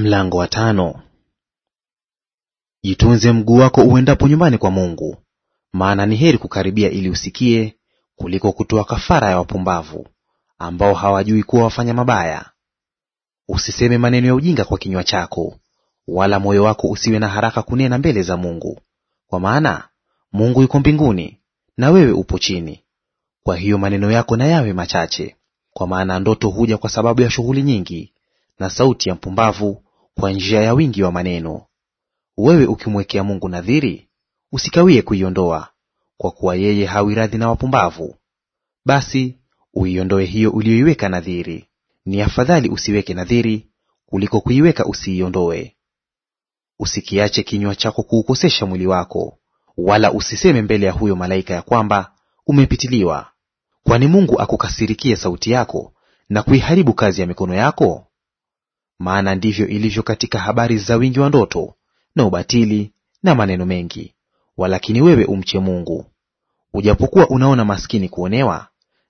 Mlango wa tano. Jitunze mguu wako uendapo nyumbani kwa Mungu, maana ni heri kukaribia ili usikie kuliko kutoa kafara ya wapumbavu, ambao hawajui kuwa wafanya mabaya. Usiseme maneno ya ujinga kwa kinywa chako, wala moyo wako usiwe na haraka kunena mbele za Mungu, kwa maana Mungu yuko mbinguni na wewe upo chini. Kwa hiyo maneno yako na yawe machache, kwa maana ndoto huja kwa sababu ya shughuli nyingi na sauti ya mpumbavu kwa njia ya wingi wa maneno. Wewe ukimwekea Mungu nadhiri, usikawie kuiondoa, kwa kuwa yeye hawi radhi na wapumbavu. Basi uiondoe hiyo uliyoiweka nadhiri. Ni afadhali usiweke nadhiri kuliko kuiweka usiiondoe. Usikiache kinywa chako kuukosesha mwili wako, wala usiseme mbele ya huyo malaika ya kwamba umepitiliwa, kwani Mungu akukasirikie sauti yako na kuiharibu kazi ya mikono yako? Maana ndivyo ilivyo katika habari za wingi wa ndoto na ubatili na maneno mengi. Walakini wewe umche Mungu. Ujapokuwa unaona maskini kuonewa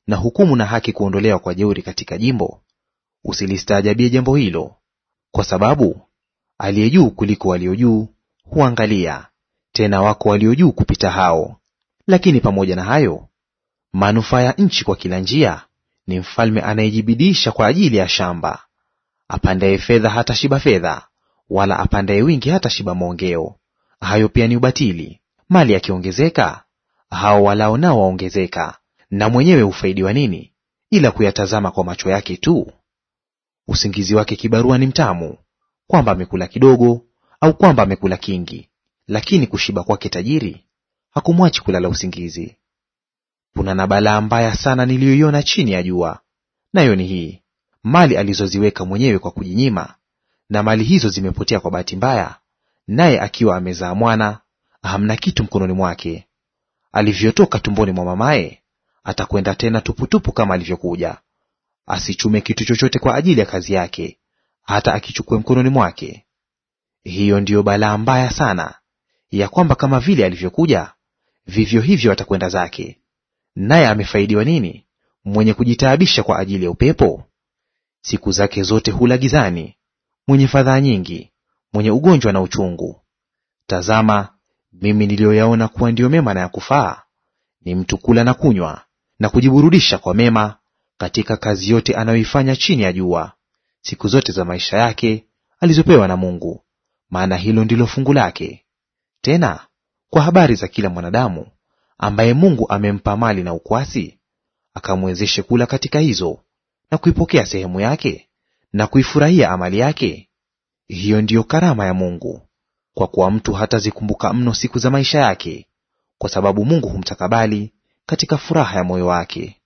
na hukumu na haki kuondolewa kwa jeuri katika jimbo, usilistaajabie jambo hilo, kwa sababu aliye juu kuliko walio juu huangalia, tena wako walio juu kupita hao. Lakini pamoja na hayo, manufaa ya nchi kwa kila njia ni mfalme anayejibidiisha kwa ajili ya shamba. Apandaye fedha hata shiba fedha, wala apandaye wingi hata shiba maongeo. Hayo pia ni ubatili. Mali yakiongezeka, hao walao nao waongezeka. Na mwenyewe hufaidiwa nini, ila kuyatazama kwa macho yake tu? Usingizi wake kibarua ni mtamu, kwamba amekula kidogo au kwamba amekula kingi, lakini kushiba kwake tajiri hakumwachi kulala usingizi. Kuna na balaa mbaya sana niliyoiona chini ya jua, nayo ni hii mali alizoziweka mwenyewe kwa kujinyima, na mali hizo zimepotea kwa bahati mbaya, naye akiwa amezaa mwana, hamna kitu mkononi mwake. Alivyotoka tumboni mwa mamaye, atakwenda tena tuputupu kama alivyokuja. Asichume kitu chochote kwa ajili ya kazi yake, hata akichukue mkononi mwake. Hiyo ndiyo balaa mbaya sana, ya kwamba kama vile alivyokuja, vivyo hivyo atakwenda zake. Naye amefaidiwa nini mwenye kujitaabisha kwa ajili ya upepo? Siku zake zote hula gizani, mwenye fadhaa nyingi, mwenye ugonjwa na uchungu. Tazama, mimi niliyoyaona kuwa ndiyo mema na ya kufaa, ni mtu kula na kunywa na kujiburudisha kwa mema katika kazi yote anayoifanya chini ya jua, siku zote za maisha yake alizopewa na Mungu, maana hilo ndilo fungu lake. Tena kwa habari za kila mwanadamu ambaye Mungu amempa mali na ukwasi, akamwezeshe kula katika hizo na kuipokea sehemu yake na kuifurahia amali yake, hiyo ndiyo karama ya Mungu, kwa kuwa mtu hatazikumbuka mno siku za maisha yake, kwa sababu Mungu humtakabali katika furaha ya moyo wake.